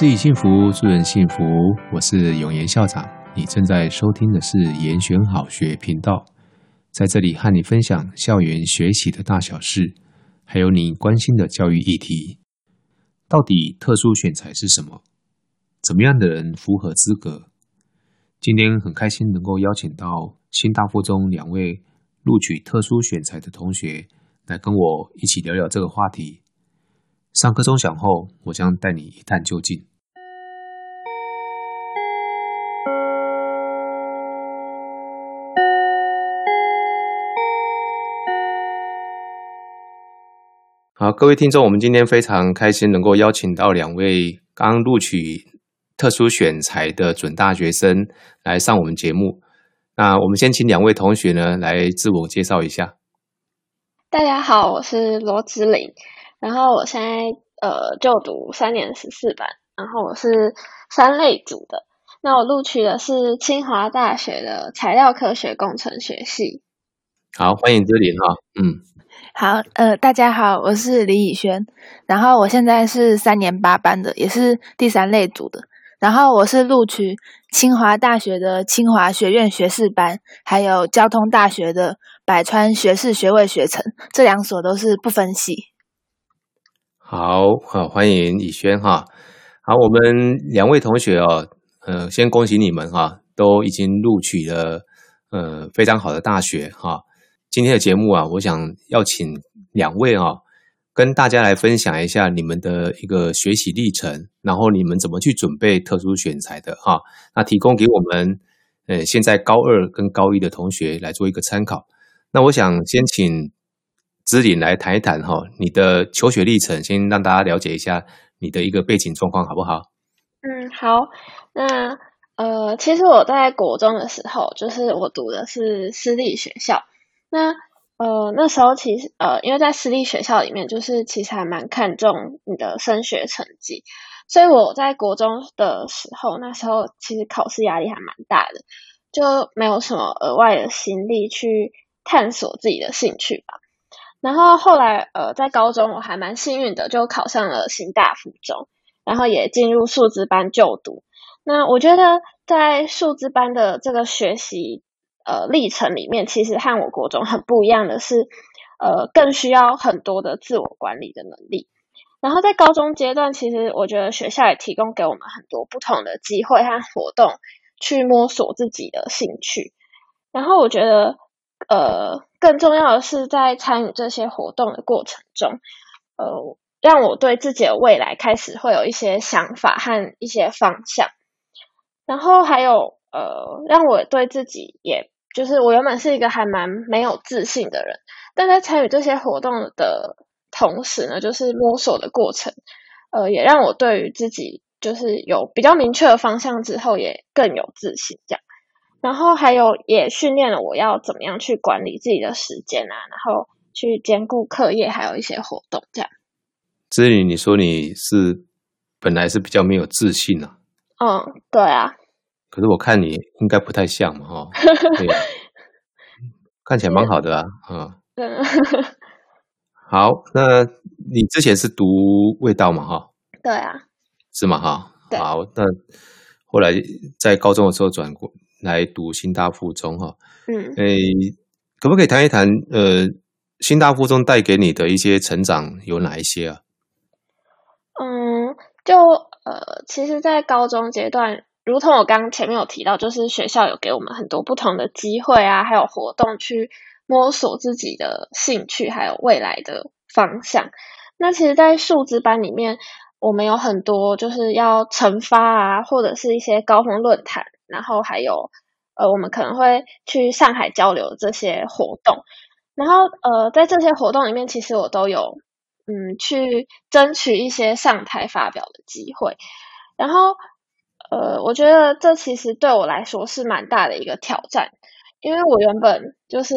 自己幸福，祝人幸福。我是永言校長，你正在收聽的是言選好學頻道，在這裡和你分享校園學習的大小事，還有你關心的教育議題。到底特殊選才是什麼？怎麼樣的人符合資格？今天很開心能夠邀請到興大附中兩位錄取特殊選才的同學來跟我一起聊聊這個話題。上課鐘響後，我將帶你一探究竟。好，各位聽眾，我們今天非常開心能夠邀請到兩位剛，剛錄取特殊選才的準大學生來上我們節目。那我們先請兩位同學呢來自我介紹一下。大家好，我是羅芝瓴，然後我現在呃就讀三年十四班，然後我是三類組的，那我錄取的是清華大學的材料科學工程學系。好，歡迎芝瓴哈，嗯。好，呃，大家好，我是李苡瑄，然後我現在是三年八班的，也是第三類組的，然後我是錄取清華大學的清華學院學士班，還有交通大學的百川學士學位學程，這兩所都是不分系。好，好，歡迎苡瑄哈，好，我們兩位同學哦，呃，先恭喜你們哈，都已經錄取了，呃，非常好的大學哈。今天的節目啊，我想要請兩位啊、哦，跟大家來分享一下你們的一個學習歷程，然後你們怎麼去準備特殊選才的哈、啊。那提供給我們，呃，現在高二跟高一的同學來做一個參考。那我想先請芝瓴來談一談哈、哦，你的求學歷程，先讓大家了解一下你的一個背景狀況，好不好？嗯，好。那呃，其實我在國中的時候，就是我讀的是私立學校。那呃那時候其實呃因為在私立學校裡面，就是其實還蠻看重你的升學成績，所以我在國中的時候，那時候其實考試壓力還蠻大的，就沒有什麼額外的心力去探索自己的興趣吧。然後後來呃在高中我還蠻幸運的，就考上了興大附中，然後也進入數資班就讀。那我覺得在數資班的這個學習。呃，歷程裡面其實和我國中很不一樣的是，呃，更需要很多的自我管理的能力。然後在高中階段，其實我覺得學校也提供給我們很多不同的機會和活動，去摸索自己的興趣。然後我覺得，呃，更重要的是在參與這些活動的過程中，呃，讓我對自己的未來開始會有一些想法和一些方向。然後還有。呃，讓我對自己也，也就是我原本是一個還蠻沒有自信的人，但在參與這些活動的同時呢，就是摸索的過程，呃，也讓我對於自己就是有比較明確的方向之後，也更有自信這樣。然後還有也訓練了我要怎麼樣去管理自己的時間啊，然後去兼顧課業還有一些活動這樣。至於你說你是本來是比較沒有自信啊，嗯，對啊。可是我看你應該不太像嘛，哈、啊，對 呀看起來蠻好的啊，哈、 嗯。好，那你之前是讀味道嘛，哈，對啊，是嗎？哈，好，那後來在高中的時候轉過來讀興大附中，哈，嗯，誒、欸，可不可以談一談，呃，興大附中帶給你的一些成長有哪一些啊？嗯，就呃，其實，在高中階段。如同我剛剛前面有提到，就是學校有給我們很多不同的機會啊，還有活動去摸索自己的興趣，還有未來的方向。那其實，在數資班裡面，我們有很多就是要成發啊，或者是一些高峰論壇，然後還有呃，我們可能會去上海交流這些活動。然後呃，在這些活動裡面，其實我都有嗯去爭取一些上台發表的機會，然後。呃，我覺得這其實對我來說是蠻大的一個挑戰，因為我原本就是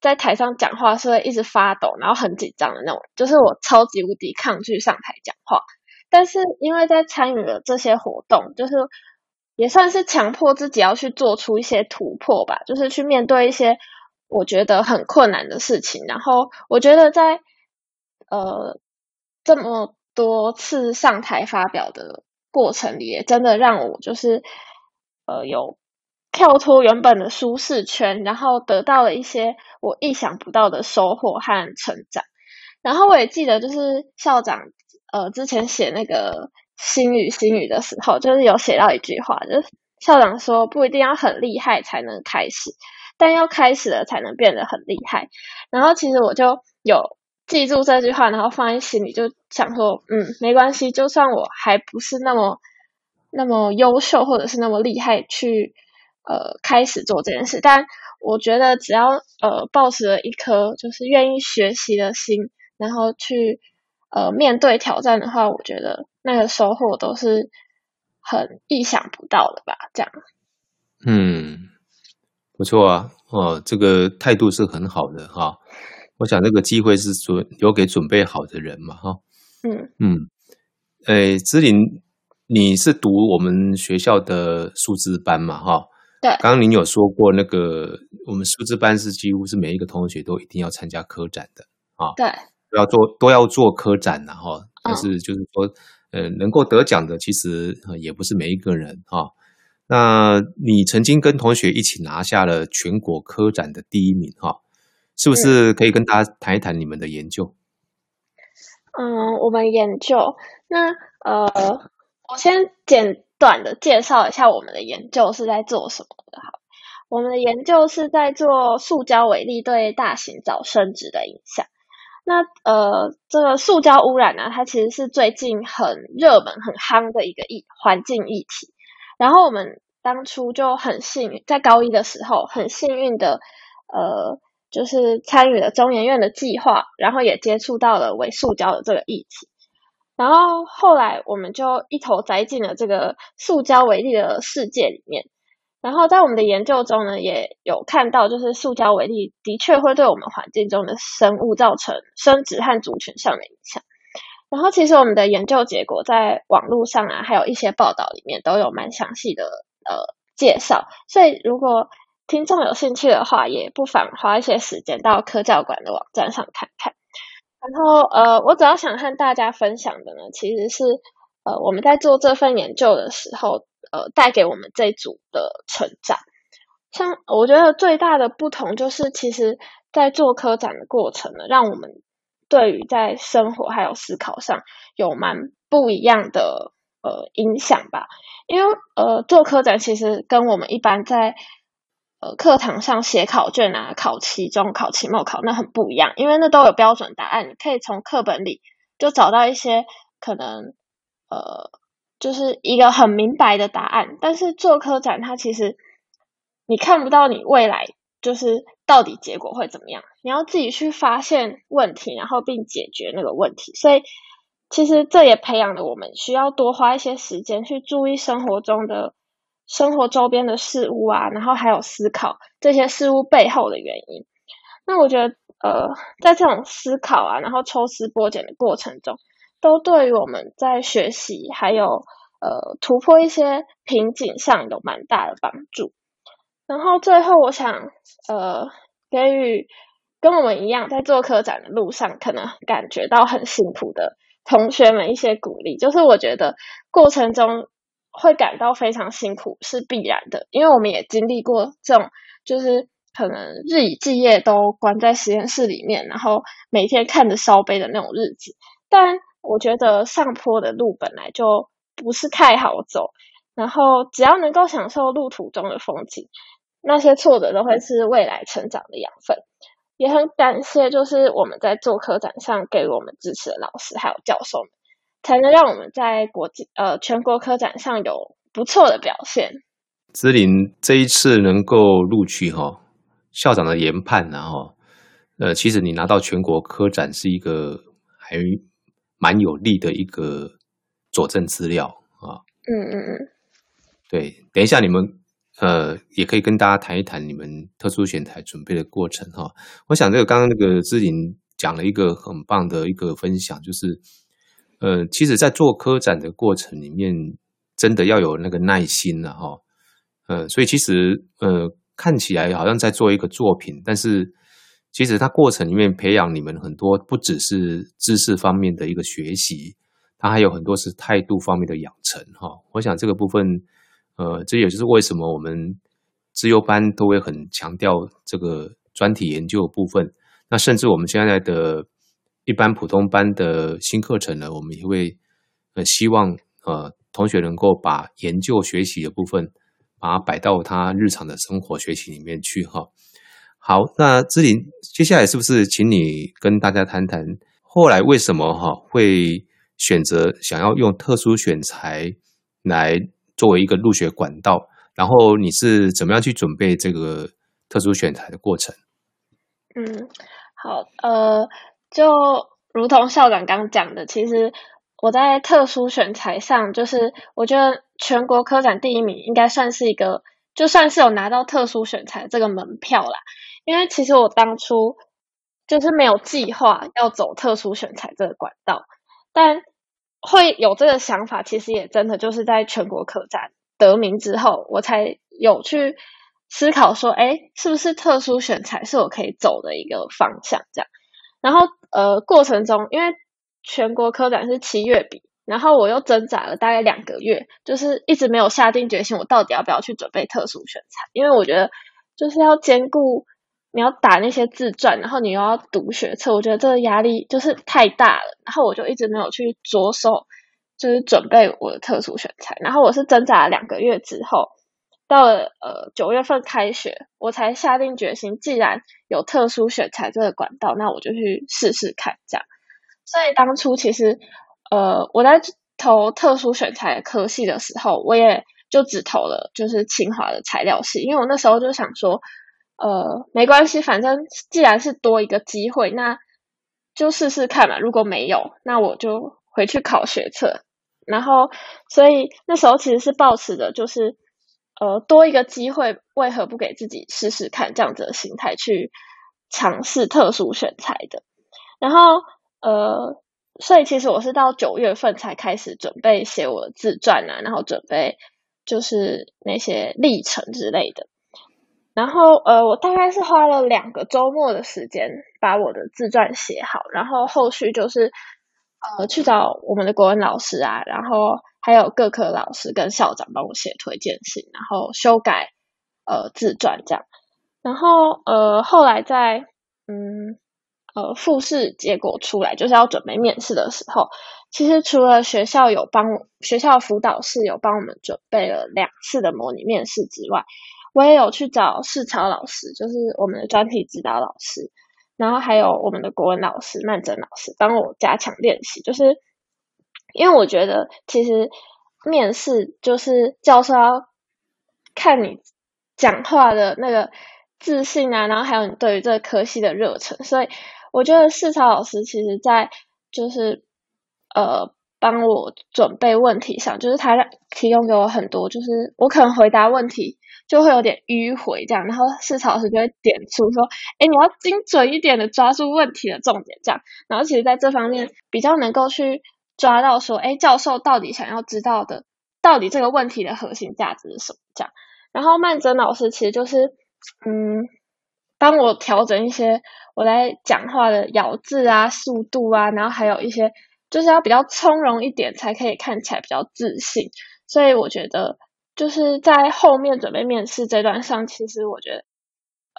在台上講話是會一直發抖，然後很緊張的那種，就是我超級無敵抗拒上台講話。但是因為在參與了這些活動，就是也算是強迫自己要去做出一些突破吧，就是去面對一些我覺得很困難的事情。然後我覺得在，呃，這麼多次上台發表的。過程裡也真的讓我就是呃有跳脫原本的舒適圈，然後得到了一些我意想不到的收穫和成長。然後我也記得就是校長，呃，之前寫那個《心語心語》心語的時候，就是有寫到一句話，就是校長說不一定要很厲害才能開始，但要開始了才能變得很厲害。然後其實我就有。記住這句話，然後放在心裡，就想說，嗯，沒關係，就算我還不是那麼那麼優秀，或者是那麼厲害去，去呃開始做這件事。但我覺得，只要呃抱持了一顆就是願意學習的心，然後去呃面對挑戰的話，我覺得那個收穫都是很意想不到的吧。這樣，嗯，不錯啊，哦，這個態度是很好的哈。哦我想這個機會是準留給準備好的人嘛，哈、嗯。嗯嗯，誒、欸，芝瓴，你是讀我們學校的數字班嘛，哈、哦？對。剛剛您有說過那個，我們數字班是幾乎是每一個同學都一定要參加科展的，啊、哦。對。都要做都要做科展的，啊、哈、哦，但是就是說，呃，能夠得獎的其實也不是每一個人哈、哦，那你曾經跟同學一起拿下了全國科展的第一名，哈、哦。是不是可以跟大家談一談你們的研究？嗯，我們研究那呃，我先簡短的介紹一下我們的研究是在做什麼的。好，我們的研究是在做塑膠微粒對大型藻生殖的影響。那呃，這個塑膠污染呢、啊，它其實是最近很熱門、很夯的一個環境議題。然後我們當初就很幸運，在高一的時候很幸運的呃。就是參與了中研院的計劃，然後也接觸到了微塑膠的這個議題，然後後來我們就一頭栽進了這個塑膠微粒的世界裡面。然後在我們的研究中呢，也有看到，就是塑膠微粒的確會對我們環境中的生物造成生殖和族群上的影響。然後其實我們的研究結果在網絡上啊，還有一些報道裡面都有蠻詳細的呃介紹，所以如果聽眾有興趣的話，也不妨花一些時間到科教館的網站上看看。然後，呃，我主要想和大家分享的呢，其實是呃我們在做這份研究的時候，呃帶給我們這組的成長。像我覺得最大的不同，就是其實在做科展的過程呢，讓我們對於在生活還有思考上有蠻不一樣的呃影響吧。因為呃做科展其實跟我們一般在呃，課堂上寫考卷啊，考期中、考期末考，那很不一樣，因為那都有標準答案，你可以從課本裡就找到一些可能，呃，就是一個很明白的答案。但是做科展，它其實你看不到你未來就是到底結果會怎麼樣，你要自己去發現問題，然後並解決那個問題。所以，其實這也培養了我們需要多花一些時間去注意生活中的。生活周邊的事物啊，然後還有思考這些事物背後的原因。那我覺得，呃，在這種思考啊，然後抽絲剝繭的過程中，都對於我們在學習還有呃突破一些瓶頸上有蠻大的幫助。然後最後，我想呃給予跟我們一樣在做科展的路上可能感覺到很辛苦的同學們一些鼓勵，就是我覺得過程中。會感到非常辛苦是必然的，因為我們也經歷過這種，就是可能日以繼夜都關在實驗室裡面，然後每天看着燒杯的那種日子。但我覺得上坡的路本來就不是太好走，然後只要能夠享受路途中的風景，那些挫折都會是未來成長的養分。也很感謝，就是我們在做科展上給我們支持的老師還有教授們。才能讓我們在國際，呃，全國科展上有不錯的表現。芝瓴這一次能夠錄取哈，校長的研判然後呃，其實你拿到全國科展是一個還蠻有利的一個佐證資料啊。嗯嗯嗯。對，等一下你們呃也可以跟大家談一談你們特殊選才準備的過程哈。我想這個剛剛那個芝瓴講了一個很棒的一個分享，就是。呃，其實，在做科展的過程裡面，真的要有那個耐心了、啊、哈。呃，所以其實，呃，看起來好像在做一個作品，但是其實它過程裡面培養你們很多，不只是知識方面的一個學習，它還有很多是態度方面的養成哈、哦。我想這個部分，呃，這也就是為什麼我們資優班都會很強調這個專題研究部分，那甚至我們現在的。一般普通班的新課程呢，我們也會很希望呃同學能夠把研究學習的部分，把它擺到他日常的生活學習裡面去哈、哦。好，那芝瓴接下來是不是請你跟大家談談後來為什麼哈、哦、會選擇想要用特殊選才來作為一個入學管道，然後你是怎麼樣去準備這個特殊選才的過程？嗯，好，呃。就如同校長剛講的，其實我在特殊選才上，就是我覺得全國科展第一名應該算是一個，就算是有拿到特殊選才這個門票啦，因為其實我當初就是沒有計劃要走特殊選才這個管道，但會有這個想法，其實也真的就是在全國科展得名之後，我才有去思考說，哎，是不是特殊選才是我可以走的一個方向？這樣，然後。呃，過程中因為全國科展是七月比，然後我又掙扎了大概兩個月，就是一直沒有下定決心，我到底要不要去準備特殊選才？因為我覺得就是要兼顧你要打那些自傳，然後你又要讀學測，我覺得這個壓力就是太大了。然後我就一直沒有去着手，就是準備我的特殊選才。然後我是掙扎了兩個月之後。到了呃，九月份開學，我才下定決心，既然有特殊選才這個管道，那我就去試試看這樣。所以當初其實呃，我在投特殊選才科系的時候，我也就只投了就是清華的材料系，因為我那時候就想說，呃，沒關係，反正既然是多一個機會，那就試試看嘛。如果沒有，那我就回去考學測。然後所以那時候其實是抱持的，就是。呃，多一個機會，為何不給自己試試看這樣子的心態去嘗試特殊選才的？然後呃，所以其實我是到九月份才開始準備寫我的自傳啊，然後準備就是那些歷程之類的。然後呃，我大概是花了兩個周末的時間把我的自傳寫好，然後後續就是呃去找我們的國文老師啊，然後。還有各科老師跟校長幫我寫推薦信，然後修改呃自傳這樣，然後呃後來在嗯呃複試結果出來，就是要準備面試的時候，其實除了學校有幫我，學校輔導室有幫我們準備了兩次的模擬面試之外，我也有去找市潮老師，就是我們的專題指導老師，然後還有我們的國文老師曼楨老師幫我加強練習，就是。因為我覺得其實面試就是教授要看你講話的那個自信啊，然後還有你對於這個科系的熱忱。所以我覺得四操老師其實在就是呃幫我準備問題上，就是他提供給我很多，就是我可能回答問題就會有點迂迴這樣，然後四操老師就會點出說：“哎，你要精準一點的抓住問題的重點。”這樣，然後其實在這方面比較能夠去。抓到說，誒，教授到底想要知道的，到底這個問題的核心價值是什麼？這樣，然後曼楨老師其實就是，嗯，幫我調整一些我在講話的咬字啊、速度啊，然後還有一些就是要比較從容一點，才可以看起來比較自信。所以我覺得就是在後面準備面試這段上，其實我覺得，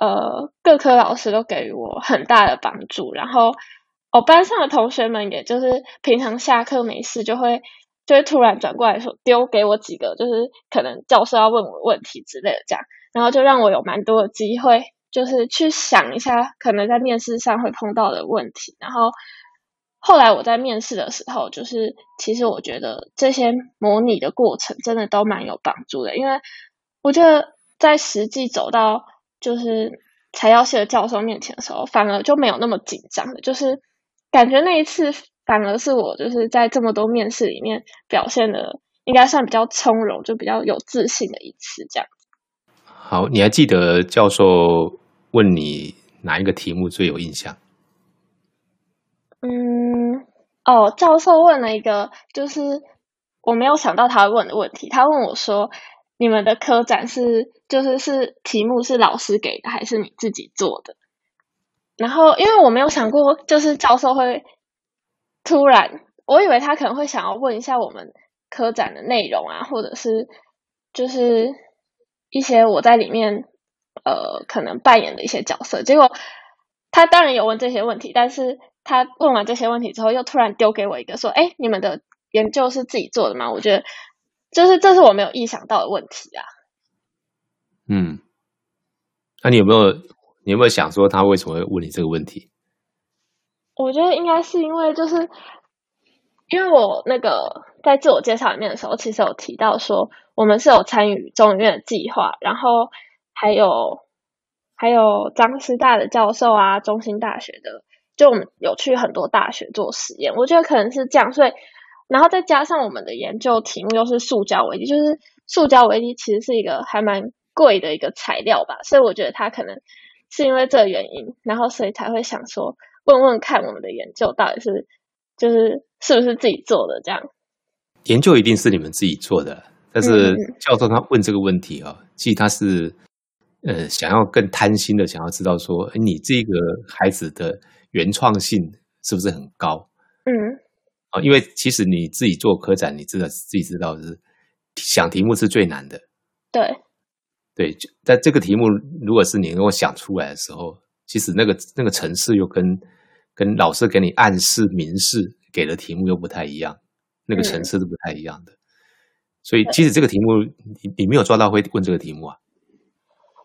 呃，各科老師都給予我很大的幫助，然後。我、oh, 班上的同學們，也就是平常下課沒事，就會就會突然轉過來說，丟給我幾個，就是可能教授要問我的問題之類的，這樣，然後就讓我有蠻多的機會，就是去想一下可能在面試上會碰到的問題。然後後來我在面試的時候，就是其實我覺得這些模擬的過程真的都蠻有幫助的，因為我覺得在實際走到就是材料系的教授面前的時候，反而就沒有那麼緊張的，就是。感覺那一次反而是我就是在這麼多面試裡面表現的應該算比較從容，就比較有自信的一次。這樣。好，你還記得教授問你哪一個題目最有印象？嗯，哦，教授問了一個，就是我沒有想到他會問的問題。他問我說：“你們的科展是就是是題目是老師給的，還是你自己做的？”然後，因為我沒有想過，就是教授會突然。我以為他可能會想要問一下我們科展的內容啊，或者是就是一些我在裡面呃可能扮演的一些角色。結果他當然有問這些問題，但是他問完這些問題之後，又突然丟給我一個說：“哎，你們的研究是自己做的嗎？”我覺得就是這是我沒有意想到的問題啊。嗯，那，啊，你有沒有？你有沒有想說他為什麼會問你這個問題？我覺得應該是因為，就是因為我那個在自我介紹裡面的時候，其實有提到說我們是有參與中研院的計劃，然後還有還有彰師大的教授啊，中興大學的，就我們有去很多大學做實驗。我覺得可能是這樣，所以然後再加上我們的研究題目又是塑膠圍機，就是塑膠圍機其實是一個還蠻貴的一個材料吧，所以我覺得它可能。是因為這個原因，然後所以才會想說，問問看我們的研究到底是就是是不是自己做的這樣？研究一定是你們自己做的，但是教授他問這個問題啊、哦，嗯嗯，其實他是呃想要更貪心的，想要知道說，哎，你這個孩子的原創性是不是很高？嗯，啊，因為其實你自己做科展，你自自己知道是想題目是最難的。對。對，就在這個題目，如果是你如果想出來的時候，其實那個那個程式又跟跟老師給你暗示、明示給的題目又不太一樣，那個程式是不太一樣的。嗯、所以，其實這個題目你你沒有抓到，會問這個題目啊？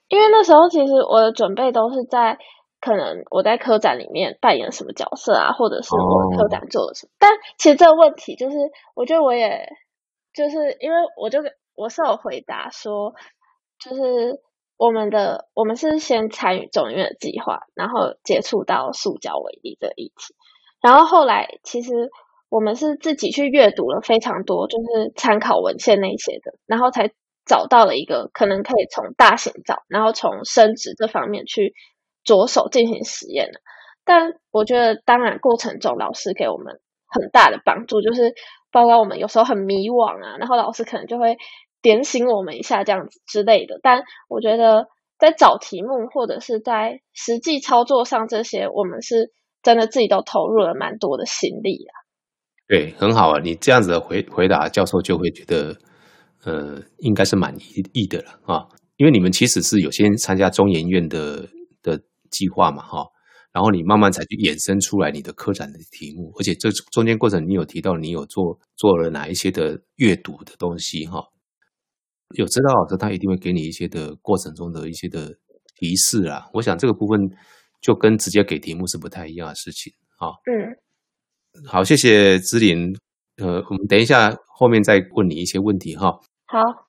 因為那時候其實我的準備都是在可能我在科展裡面扮演什麼角色啊，或者是我的科展做了什麼、哦。但其實這個問題，就是我覺得我也就是因為我就我是有回答說。就是我們的，我們是先參與中研院的計劃，然後接觸到塑膠微粒這一題，然後後來其實我們是自己去閱讀了非常多就是參考文獻那些的，然後才找到了一個可能可以從大型藻，然後從生殖這方面去着手進行實驗的。但我覺得，當然過程中老師給我們很大的幫助，就是包括我們有時候很迷惘啊，然後老師可能就會。點醒我們一下，這樣子之類的。但我覺得在找題目或者是在實際操作上，這些我們是真的自己都投入了蠻多的心力啊。對，很好啊。你這樣子的回回答，教授就會覺得，呃，應該是滿意的了啊、哦。因為你們其實是有先參加中研院的的計劃嘛，哈、哦。然後你慢慢才去衍生出來你的科展的題目，而且這中間過程你有提到，你有做做了哪一些的閱讀的東西，哈、哦。有指導老師，他一定會給你一些的過程中的一些的提示啦、啊。我想這個部分就跟直接給題目是不太一樣的事情啊。嗯，好，謝謝芝瓴。呃，我們等一下後面再問你一些問題哈。好。